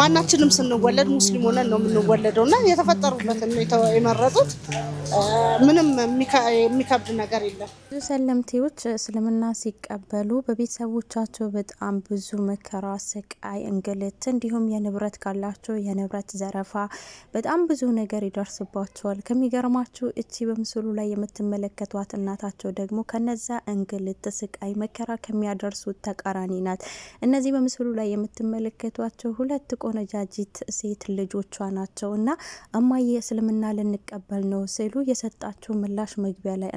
ማናችንም ስንወለድ ሙስሊም ሆነን ነው የምንወለደው እና የተፈጠሩበትን የመረጡት ምንም የሚከብድ ነገር የለም። ብዙ ሰለምቴዎች እስልምና ሲቀበሉ በቤተሰቦቻቸው በጣም ብዙ መከራ፣ ስቃይ፣ እንግልት እንዲሁም የንብረት ካላቸው የንብረት ዘረፋ በጣም ብዙ ነገር ይደርስባቸዋል። ከሚገርማችሁ እቺ በምስሉ ላይ የምትመለከቷት እናታቸው ደግሞ ከነዛ እንግልት፣ ስቃይ፣ መከራ ከሚያደርሱት ተቃራኒ ናት። እነዚህ በምስሉ ላይ የምትመለከቷቸው ሁለት ቆነጃጅት ሴት ልጆቿ ናቸው እና እማዬ እስልምና ልንቀበል ነው ሲሉ የሰጣችሁ ምላሽ መግቢያ ላይ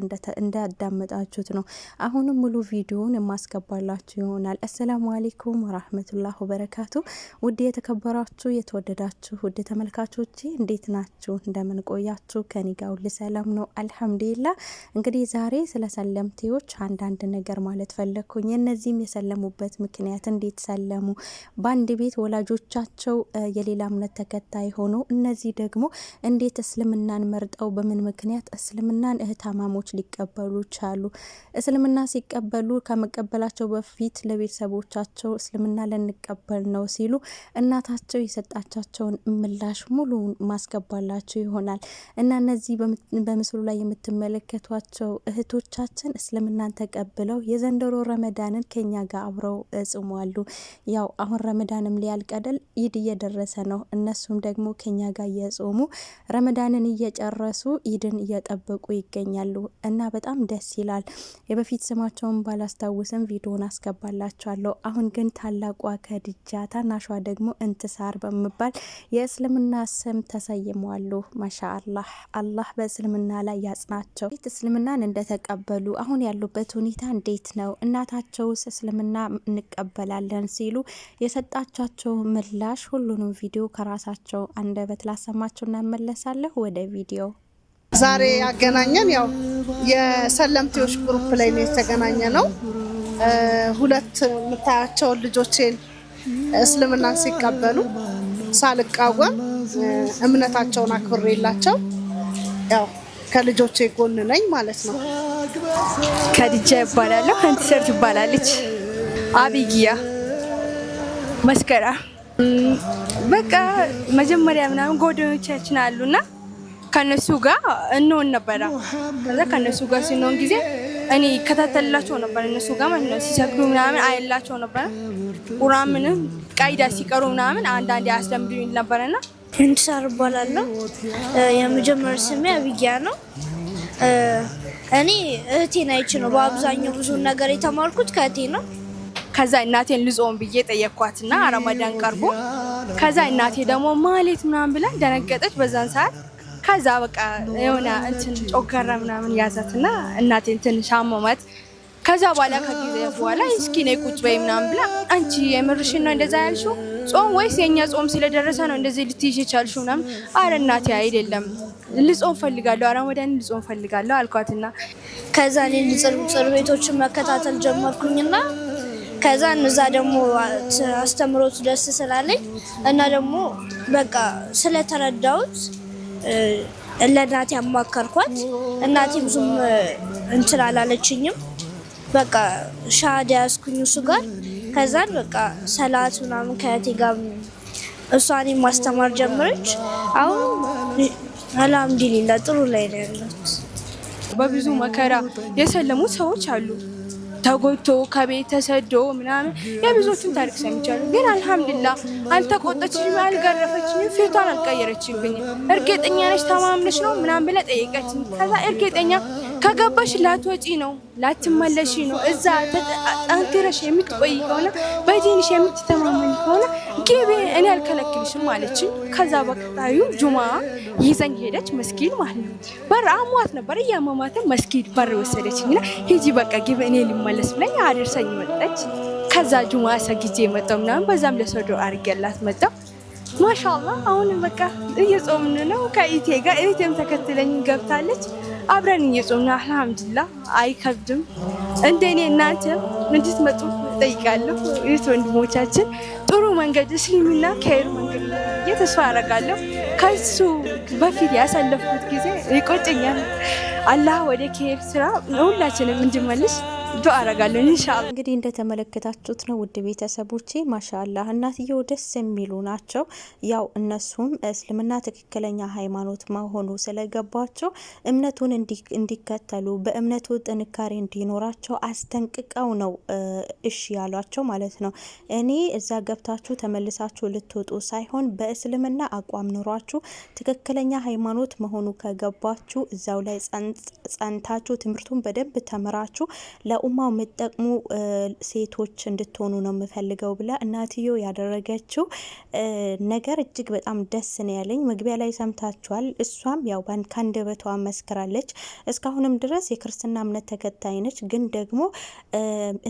እንዳዳመጣችሁት ነው። አሁንም ሙሉ ቪዲዮውን የማስገባላችሁ ይሆናል። አሰላሙ አሌይኩም ወራህመቱላህ ወበረካቱ። ውድ የተከበራችሁ የተወደዳችሁ ውድ ተመልካቾች እንዴት ናችሁ? እንደምን ቆያችሁ? ከኒጋው ልሰላም ነው አልሐምዱሊላ። እንግዲህ ዛሬ ስለ ሰለምቴዎች አንዳንድ ነገር ማለት ፈለግኩኝ። እነዚህም የሰለሙበት ምክንያት እንዴት ሰለሙ፣ በአንድ ቤት ወላጆቻ እሳቸው የሌላ እምነት ተከታይ ሆኖ እነዚህ ደግሞ እንዴት እስልምናን መርጠው በምን ምክንያት እስልምናን እህታማሞች ሊቀበሉ ቻሉ? እስልምና ሲቀበሉ ከመቀበላቸው በፊት ለቤተሰቦቻቸው እስልምና ልንቀበል ነው ሲሉ እናታቸው የሰጣቻቸውን ምላሽ ሙሉ ማስገባላቸው ይሆናል እና እነዚህ በምስሉ ላይ የምትመለከቷቸው እህቶቻችን እስልምናን ተቀብለው የዘንድሮ ረመዳንን ከኛ ጋር አብረው እጽሟሉ። ያው አሁን ረመዳንም ሊያልቀደል። ኢድ እየደረሰ ነው። እነሱም ደግሞ ከኛ ጋር እየጾሙ ረመዳንን እየጨረሱ ኢድን እየጠበቁ ይገኛሉ እና በጣም ደስ ይላል። የበፊት ስማቸውን ባላስታውስም ቪዲዮን አስገባላቸዋለሁ። አሁን ግን ታላቋ ከድጃ ታናሿ ደግሞ እንትሳር በመባል የእስልምና ስም ተሰይመዋሉ። ማሻ አላህ በእስልምና ላይ ያጽናቸው። እስልምናን እንደተቀበሉ አሁን ያሉበት ሁኔታ እንዴት ነው? እናታቸውስ እስልምና እንቀበላለን ሲሉ የሰጣቻቸው ምላ ምላሽ ሁሉንም ቪዲዮ ከራሳቸው አንደበት ላሰማቸው እናመለሳለሁ። ወደ ቪዲዮ ዛሬ ያገናኘን ያው የሰለምቴዎች ግሩፕ ላይ ነው የተገናኘ ነው። ሁለት የምታያቸውን ልጆቼን እስልምናን ሲቀበሉ ሳልቃወም እምነታቸውን አክብሬላቸው ያው ከልጆቼ ጎን ነኝ ማለት ነው። ከድጃ ይባላለሁ። ከንቲሰርት ይባላለች። አብይያ መስከራ በቃ መጀመሪያ ምናምን ጎደኞቻችን አሉና ከነሱ ጋር እንሆን ነበረ። ከዛ ከነሱ ጋር ሲንሆን ጊዜ እኔ ይከታተልላቸው ነበር እነሱ ጋር ማለት ነው። ሲሰግዱ ምናምን አየላቸው ነበረ። ቁራ ምንም ቀይዳ ሲቀሩ ምናምን አንዳንዴ አስለምዱኝ ነበረና እንድሳር እባላለሁ። የመጀመሪያ ስሜ አብያ ነው። እኔ እህቴን አይቼ ነው በአብዛኛው ብዙን ነገር የተማርኩት ከእህቴ ነው። ከዛ እናቴን ልጾም ብዬ ጠየቅኳትና አረማዳን ቀርቦ ከዛ እናቴ ደግሞ ማሌት ምናምን ብላ ደነገጠች በዛን ሰዓት። ከዛ በቃ የሆነ እንትን ጮገረ ምናምን ያዛትና እናቴን ትንሽ አመማት። ከዛ በኋላ ከጊዜ በኋላ እስኪ ነይ ቁጭ በይ ምናምን ብላ አንቺ የምርሽን ነው እንደዛ ያልሽው ጾም ወይስ የእኛ ጾም ስለደረሰ ነው እንደዚህ ልትይሽ የቻልሽው? ምናምን አረ እናቴ አይደለም ልጾም ፈልጋለሁ አረመዳን ልጾም ፈልጋለሁ አልኳትና ከዛ እኔ ቤቶችን መከታተል ጀመርኩኝና ከዛ እነዛ ደግሞ አስተምሮቱ ደስ ስላለኝ እና ደግሞ በቃ ስለተረዳሁት ለእናቴ አማከርኳት። እናቴ ብዙም እንትን አላለችኝም። በቃ ሻሃዳ ያዝኩኝ እሱ ጋር። ከዛን በቃ ሰላት ምናምን ከእቴ ጋር እሷን ማስተማር ጀመረች። አሁን አልሐምዱሊላ ጥሩ ላይ ነው ያለት። በብዙ መከራ የሰለሙት ሰዎች አሉ። ተጎድቶ ከቤት ተሰዶ ምናምን የብዙዎችን ታሪክ ሰምቻለሁ። ግን አልሐምድላ አልተቆጠችኝም፣ አልገረፈችኝም፣ ፊቷን አልቀየረችብኝም። እርግጠኛ ነች ተማምነች ነው ምናምን ብለ ጠየቀችኝ። ከዛ እርግጠኛ ከገባሽ ላትወጪ ነው ላትመለሺ ነው። እዛ ጠንክረሽ የምትቆይ ከሆነ በዲንሽ የምትተማመኝ ከሆነ ግቢ፣ እኔ አልከለክልሽም አለችኝ። ከዛ በቀጣዩ ጁማ ይዘኝ ሄደች መስጊድ ማለት ነው። በር አሟት ነበር እያመማትን መስጊድ በር ወሰደችኝ ና ሂጂ በቃ ግቢ፣ እኔ ልመለስ ብለኝ አደርሰኝ መጣች። ከዛ ጁማ ሰግጄ መጣሁ ምናምን በዛም ለሰዶ አድርጌላት መጣሁ። ማሻላ አሁንም በቃ እየጾምን ነው ከኢቴ ጋር። ኢቴም ተከትለኝ ገብታለች። አብረን እየጾምን አልሐምዱላ አይከብድም። እንደ እኔ እናንተ እንድትመጡ ጠይቃለሁ። ይት ወንድሞቻችን ጥሩ መንገድ እስልምና ከይሩ መንገድ እየተስፋ አረጋለሁ። ከሱ በፊት ያሳለፍኩት ጊዜ ይቆጭኛል። አላህ ወደ ከይር ስራ ሁላችንም እንድመልስ ዱአ አረጋለሁ ኢንሻአላ። እንግዲህ እንደተመለከታችሁት ነው ውድ ቤተሰቦቼ፣ ማሻአላህ እናትየው ደስ የሚሉ ናቸው። ያው እነሱም እስልምና ትክክለኛ ሃይማኖት መሆኑ ስለገባቸው እምነቱን እንዲከተሉ በእምነቱ ጥንካሬ እንዲኖራቸው አስጠንቅቀው ነው እሺ ያሏቸው ማለት ነው። እኔ እዛ ገብታችሁ ተመልሳችሁ ልትወጡ ሳይሆን በእስልምና አቋም ኖሯችሁ ትክክለኛ ሃይማኖት መሆኑ ከገባችሁ እዛው ላይ ጸንታችሁ ትምህርቱን በደንብ ተምራችሁ ለኡማው የምጠቅሙ ሴቶች እንድትሆኑ ነው የምፈልገው ብላ እናትዮ ያደረገችው ነገር እጅግ በጣም ደስ ነው ያለኝ። መግቢያ ላይ ሰምታችኋል። እሷም ያው ከአንደበቷ መስክራለች። እስካሁንም ድረስ የክርስትና እምነት ተከታይ ነች፣ ግን ደግሞ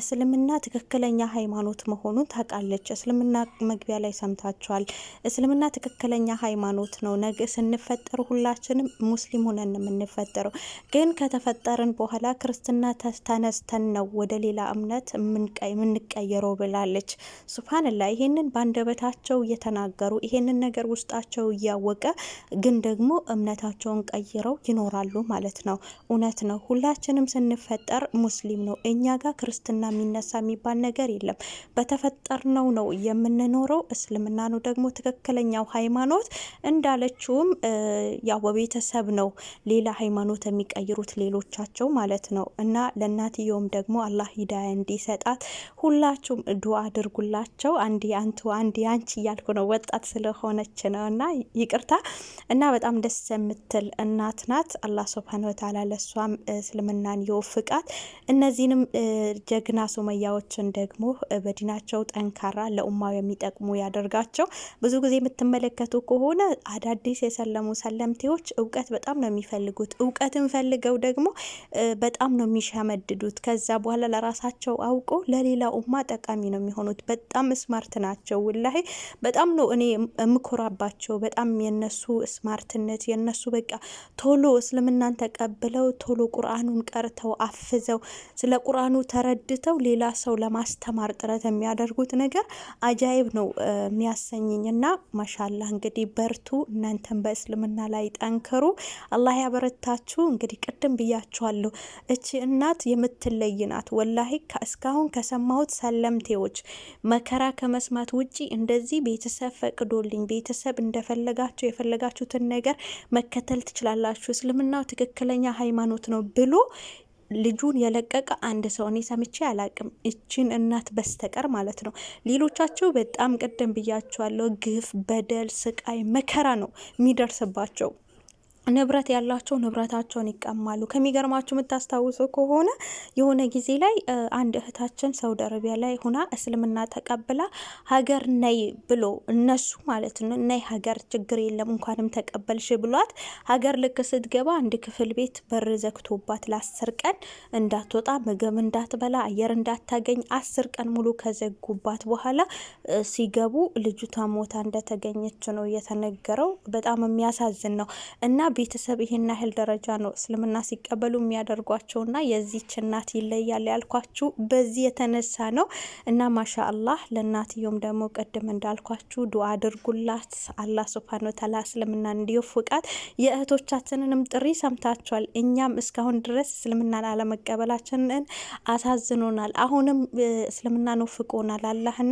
እስልምና ትክክለኛ ሃይማኖት መሆኑን ታውቃለች። እስልምና መግቢያ ላይ ሰምታችኋል። እስልምና ትክክለኛ ሃይማኖት ነው። ነገ ስንፈጠር ሁላችንም ሙስሊም ሆነን የምንፈጠረው፣ ግን ከተፈጠርን በኋላ ክርስትና ተነስተን ብለን ነው ወደ ሌላ እምነት የምንቀየረው ብላለች። ሱብሃንላ ይሄንን ባንደበታቸው እየተናገሩ ይሄንን ነገር ውስጣቸው እያወቀ ግን ደግሞ እምነታቸውን ቀይረው ይኖራሉ ማለት ነው። እውነት ነው። ሁላችንም ስንፈጠር ሙስሊም ነው። እኛ ጋር ክርስትና የሚነሳ የሚባል ነገር የለም። በተፈጠርነው ነው የምንኖረው። እስልምና ነው ደግሞ ትክክለኛው ሃይማኖት። እንዳለችውም ያው በቤተሰብ ነው ሌላ ሃይማኖት የሚቀይሩት ሌሎቻቸው ማለት ነው እና ለእናትየውም ደግሞ አላህ ሂዳያ እንዲሰጣት ሁላችሁም ዱአ አድርጉላቸው። አንድ አንቱ አንድ አንቺ እያልኩ ነው፣ ወጣት ስለሆነች ነው እና ይቅርታ እና በጣም ደስ የምትል እናት ናት። አላህ ሱብሃነ ወተዓላ ለእሷም እስልምናን ይወፍቃት። እነዚህንም ጀግና ሱመያዎችን ደግሞ በዲናቸው ጠንካራ ለኡማው የሚጠቅሙ ያደርጋቸው። ብዙ ጊዜ የምትመለከቱ ከሆነ አዳዲስ የሰለሙ ሰለምቴዎች እውቀት በጣም ነው የሚፈልጉት። እውቀትን ፈልገው ደግሞ በጣም ነው የሚሸመድዱት። ከዛ በኋላ ለራሳቸው አውቆ ለሌላው ኡማ ጠቃሚ ነው የሚሆኑት። በጣም ስማርት ናቸው። ውላ በጣም ነው እኔ የምኮራባቸው። በጣም የነሱ ስማርትነት የነሱ በቃ ቶሎ እስልምናን ተቀብለው ቶሎ ቁርአኑን ቀርተው አፍዘው ስለ ቁርአኑ ተረድተው ሌላ ሰው ለማስተማር ጥረት የሚያደርጉት ነገር አጃይብ ነው የሚያሰኝኝ እና ማሻላ እንግዲህ በርቱ። እናንተን በእስልምና ላይ ጠንክሩ። አላህ ያበረታችሁ። እንግዲህ ቅድም ብያችኋለሁ እቺ እናት የምትለ የምትለይ ናት። ወላሂ እስካሁን ከሰማሁት ሰለምቴዎች መከራ ከመስማት ውጪ እንደዚህ ቤተሰብ ፈቅዶልኝ ቤተሰብ እንደፈለጋቸው የፈለጋችሁትን ነገር መከተል ትችላላችሁ፣ እስልምናው ትክክለኛ ሃይማኖት ነው ብሎ ልጁን የለቀቀ አንድ ሰው እኔ ሰምቼ አላቅም፣ እችን እናት በስተቀር ማለት ነው። ሌሎቻቸው በጣም ቅድም ብያቸዋለሁ፣ ግፍ፣ በደል፣ ስቃይ፣ መከራ ነው የሚደርስባቸው። ንብረት ያላቸው ንብረታቸውን ይቀማሉ። ከሚገርማችሁ የምታስታውሱ ከሆነ የሆነ ጊዜ ላይ አንድ እህታችን ሳውዲ አረቢያ ላይ ሁና እስልምና ተቀብላ ሀገር ነይ ብሎ እነሱ ማለት ነው ነይ ሀገር ችግር የለም እንኳንም ተቀበልሽ ብሏት ሀገር ልክ ስትገባ አንድ ክፍል ቤት በር ዘግቶባት ለአስር ቀን እንዳትወጣ ምግብ እንዳትበላ አየር እንዳታገኝ አስር ቀን ሙሉ ከዘጉባት በኋላ ሲገቡ ልጅቷ ሞታ እንደተገኘች ነው የተነገረው። በጣም የሚያሳዝን ነው እና ቤተሰብ ይሄን ያህል ደረጃ ነው እስልምና ሲቀበሉ የሚያደርጓቸውና የዚች እናት ይለያል ያልኳችሁ በዚህ የተነሳ ነው። እና ማሻ አላህ ለእናትዮም ደግሞ ቅድም እንዳልኳችሁ ዱዓ አድርጉላት። አላህ ስብሃነ ወተዓላ እስልምና እንዲወፍቃት። የእህቶቻችንንም ጥሪ ሰምታችኋል። እኛም እስካሁን ድረስ እስልምናን አለመቀበላችንን አሳዝኖናል። አሁንም እስልምናን ወፍቆናል አላህና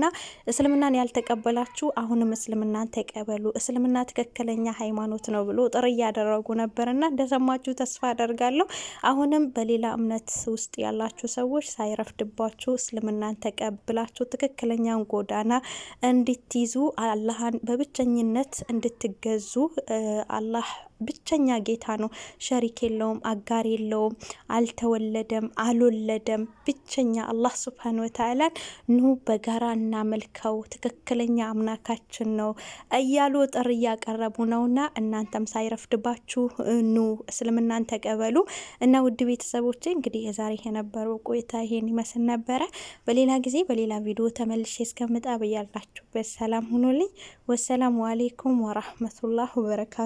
እስልምናን ያልተቀበላችሁ አሁንም እስልምናን ተቀበሉ። እስልምና ትክክለኛ ሃይማኖት ነው ብሎ ጥሪ እያደረ እያደረጉ ነበርና እንደሰማችሁ ተስፋ አደርጋለሁ። አሁንም በሌላ እምነት ውስጥ ያላችሁ ሰዎች ሳይረፍድባችሁ እስልምናን ተቀብላችሁ ትክክለኛን ጎዳና እንድትይዙ አላህን በብቸኝነት እንድትገዙ አላህ ብቸኛ ጌታ ነው። ሸሪክ የለውም፣ አጋር የለውም፣ አልተወለደም፣ አልወለደም። ብቸኛ አላህ ስብሃነ ወተዓላን ኑ በጋራ እናመልከው፣ ትክክለኛ አምናካችን ነው እያሉ ጥሪ እያቀረቡ ነውና እናንተም ሳይረፍድባችሁ ኑ እስልምናን ተቀበሉ እና ውድ ቤተሰቦች እንግዲህ የዛሬ የነበረው ቆይታ ይሄን ይመስል ነበረ። በሌላ ጊዜ በሌላ ቪዲዮ ተመልሼ እስከምጣ በያላችሁበት ሰላም ሁኑልኝ። ወሰላሙ አሌይኩም ወራህመቱላህ ወበረካቱ